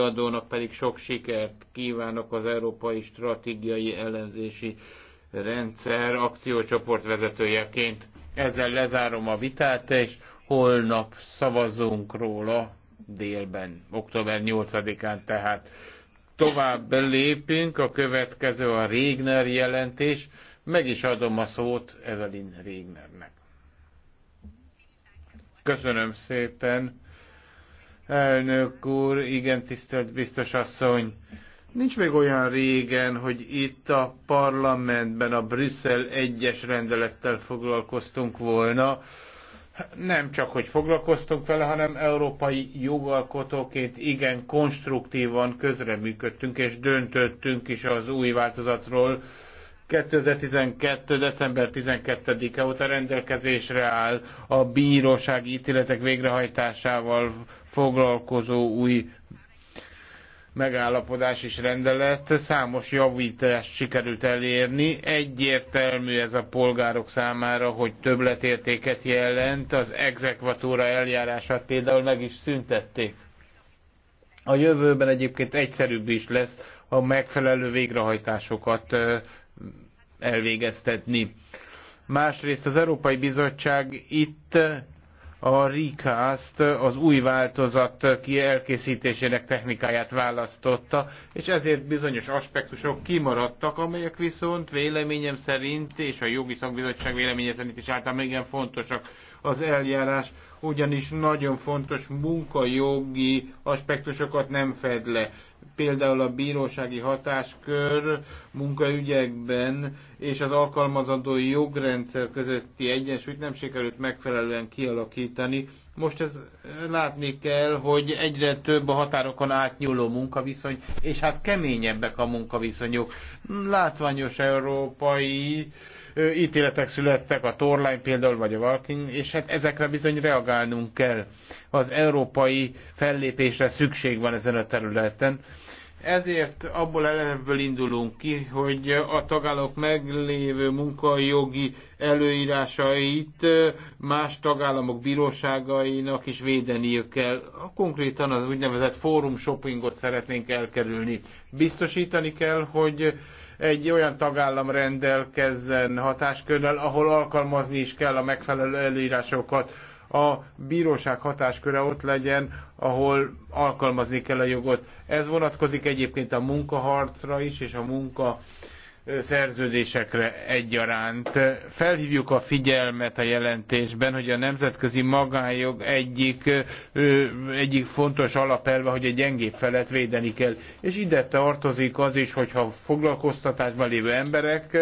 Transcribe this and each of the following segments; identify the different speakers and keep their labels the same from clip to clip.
Speaker 1: előadónak pedig sok sikert kívánok az Európai Stratégiai Ellenzési Rendszer akciócsoport vezetőjeként. Ezzel lezárom a vitát, és holnap szavazunk róla délben, október 8-án tehát. Tovább lépünk, a következő a Régner jelentés. Meg is adom a szót Evelyn Régnernek. Köszönöm szépen. Elnök úr, igen, tisztelt biztos asszony. Nincs még olyan régen, hogy itt a parlamentben a Brüsszel egyes rendelettel foglalkoztunk volna. Nem csak, hogy foglalkoztunk vele, hanem európai jogalkotóként igen konstruktívan közreműködtünk és döntöttünk is az új változatról. 2012. december 12-e óta rendelkezésre áll a bírósági ítéletek végrehajtásával foglalkozó új megállapodás és rendelet számos javítást sikerült elérni. Egyértelmű ez a polgárok számára, hogy többletértéket jelent, az exekvatúra eljárását például meg is szüntették. A jövőben egyébként egyszerűbb is lesz a megfelelő végrehajtásokat elvégeztetni. Másrészt az Európai Bizottság itt a recast, az új változat elkészítésének technikáját választotta, és ezért bizonyos aspektusok kimaradtak, amelyek viszont véleményem szerint, és a jogi szakbizottság véleménye szerint is általában igen fontosak az eljárás ugyanis nagyon fontos munkajogi aspektusokat nem fed le. Például a bírósági hatáskör munkaügyekben és az alkalmazandói jogrendszer közötti egyensúlyt nem sikerült megfelelően kialakítani. Most ez látni kell, hogy egyre több a határokon átnyúló munkaviszony, és hát keményebbek a munkaviszonyok. Látványos európai ítéletek születtek, a torlány például, vagy a Walking és hát ezekre bizony reagálnunk kell. Az európai fellépésre szükség van ezen a területen. Ezért abból elemből indulunk ki, hogy a tagállamok meglévő munkajogi előírásait más tagállamok bíróságainak is védeniük kell. Konkrétan az úgynevezett fórum shoppingot szeretnénk elkerülni. Biztosítani kell, hogy egy olyan tagállam rendelkezzen hatáskörrel, ahol alkalmazni is kell a megfelelő előírásokat. A bíróság hatásköre ott legyen, ahol alkalmazni kell a jogot. Ez vonatkozik egyébként a munkaharcra is, és a munka szerződésekre egyaránt. Felhívjuk a figyelmet a jelentésben, hogy a nemzetközi magánjog egyik, egyik fontos alapelve, hogy a gyengébb felet védeni kell. És ide tartozik az is, hogyha foglalkoztatásban lévő emberek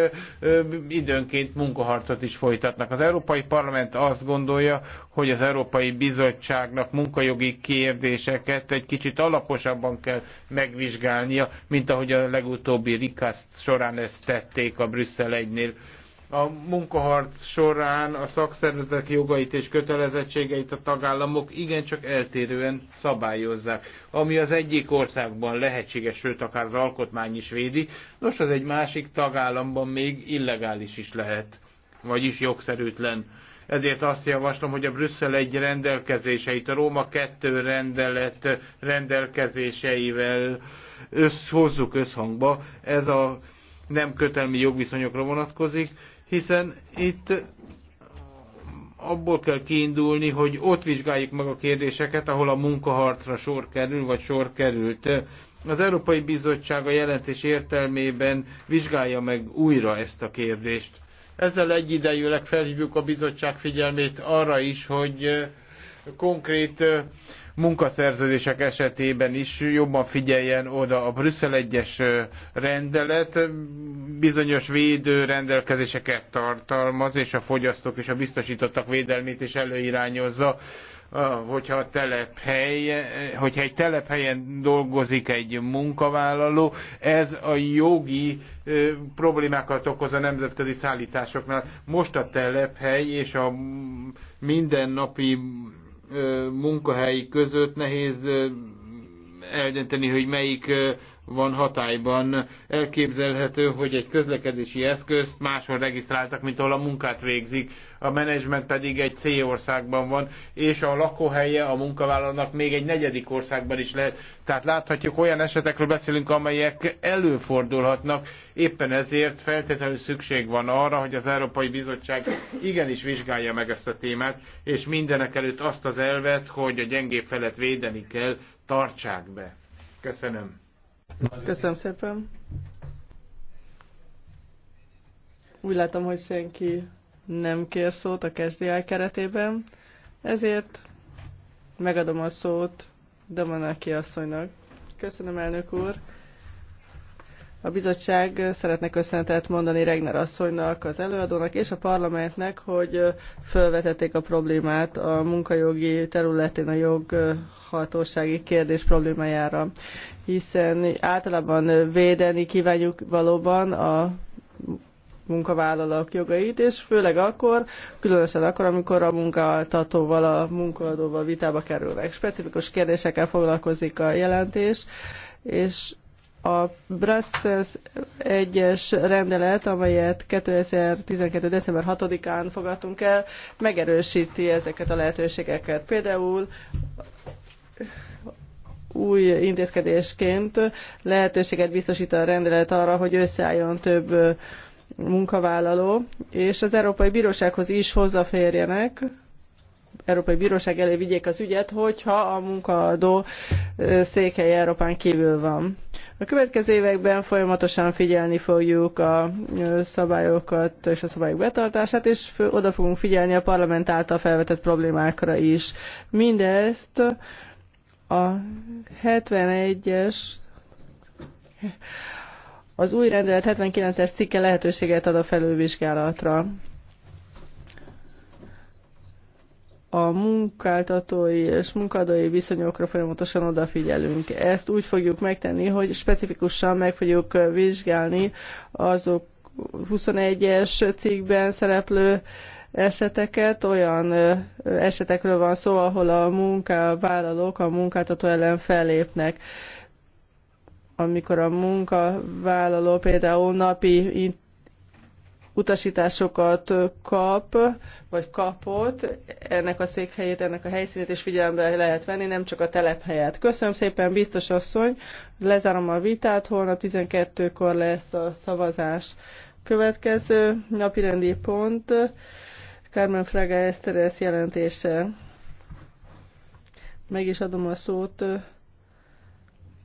Speaker 1: időnként munkaharcot is folytatnak. Az Európai Parlament azt gondolja, hogy az Európai Bizottságnak munkajogi kérdéseket egy kicsit alaposabban kell megvizsgálnia, mint ahogy a legutóbbi Rikaszt során ezt tették a Brüsszel egynél. A munkaharc során a szakszervezetek jogait és kötelezettségeit a tagállamok igencsak eltérően szabályozzák, ami az egyik országban lehetséges, sőt akár az alkotmány is védi, nos az egy másik tagállamban még illegális is lehet, vagyis jogszerűtlen. Ezért azt javaslom, hogy a Brüsszel egy rendelkezéseit, a Róma 2 rendelet rendelkezéseivel össz, hozzuk összhangba. Ez a nem kötelmi jogviszonyokra vonatkozik, hiszen itt abból kell kiindulni, hogy ott vizsgáljuk meg a kérdéseket, ahol a munkaharcra sor kerül, vagy sor került. Az Európai Bizottság a jelentés értelmében vizsgálja meg újra ezt a kérdést. Ezzel egyidejűleg felhívjuk a bizottság figyelmét arra is, hogy konkrét munkaszerződések esetében is jobban figyeljen oda a Brüsszel egyes rendelet, bizonyos védő rendelkezéseket tartalmaz, és a fogyasztók és a biztosítottak védelmét is előirányozza hogyha a telephely, hogyha egy telephelyen dolgozik egy munkavállaló, ez a jogi problémákat okoz a nemzetközi szállításoknál. Most a telephely és a mindennapi munkahelyi között nehéz eldönteni, hogy melyik van hatályban. Elképzelhető, hogy egy közlekedési eszközt máshol regisztráltak, mint ahol a munkát végzik, a menedzsment pedig egy C országban van, és a lakóhelye a munkavállalónak még egy negyedik országban is lehet. Tehát láthatjuk, olyan esetekről beszélünk, amelyek előfordulhatnak. Éppen ezért feltétlenül szükség van arra, hogy az Európai Bizottság igenis vizsgálja meg ezt a témát, és mindenek előtt azt az elvet, hogy a gyengébb felet védeni kell, tartsák be. Köszönöm.
Speaker 2: Köszönöm szépen. Úgy látom, hogy senki nem kér szót a KSDI keretében, ezért megadom a szót Damanaki asszonynak. Köszönöm, elnök úr. A bizottság szeretne köszönetet mondani Regner asszonynak, az előadónak és a parlamentnek, hogy felvetették a problémát a munkajogi területén a joghatósági kérdés problémájára, hiszen általában védeni kívánjuk valóban a munkavállalók jogait, és főleg akkor, különösen akkor, amikor a munkáltatóval, a munkaadóval vitába kerülnek. Specifikus kérdésekkel foglalkozik a jelentés, és a Brussels egyes rendelet, amelyet 2012. december 6-án fogadtunk el, megerősíti ezeket a lehetőségeket. Például új intézkedésként lehetőséget biztosít a rendelet arra, hogy összeálljon több munkavállaló, és az Európai Bírósághoz is hozzáférjenek, Európai Bíróság elé vigyék az ügyet, hogyha a munkaadó székely Európán kívül van. A következő években folyamatosan figyelni fogjuk a szabályokat és a szabályok betartását, és oda fogunk figyelni a parlament által felvetett problémákra is. Mindezt a 71-es az új rendelet 79-es cikke lehetőséget ad a felülvizsgálatra. a munkáltatói és munkadói viszonyokra folyamatosan odafigyelünk. Ezt úgy fogjuk megtenni, hogy specifikusan meg fogjuk vizsgálni azok 21-es cikkben szereplő eseteket, olyan esetekről van szó, ahol a munkavállalók a munkáltató ellen fellépnek. Amikor a munkavállaló például napi utasításokat kap, vagy kapott, ennek a székhelyét, ennek a helyszínét is figyelembe lehet venni, nem csak a telephelyet. Köszönöm szépen, biztos asszony, lezárom a vitát, holnap 12-kor lesz a szavazás. Következő napirendi pont, Carmen Fraga Eszteres jelentése. Meg is adom a szót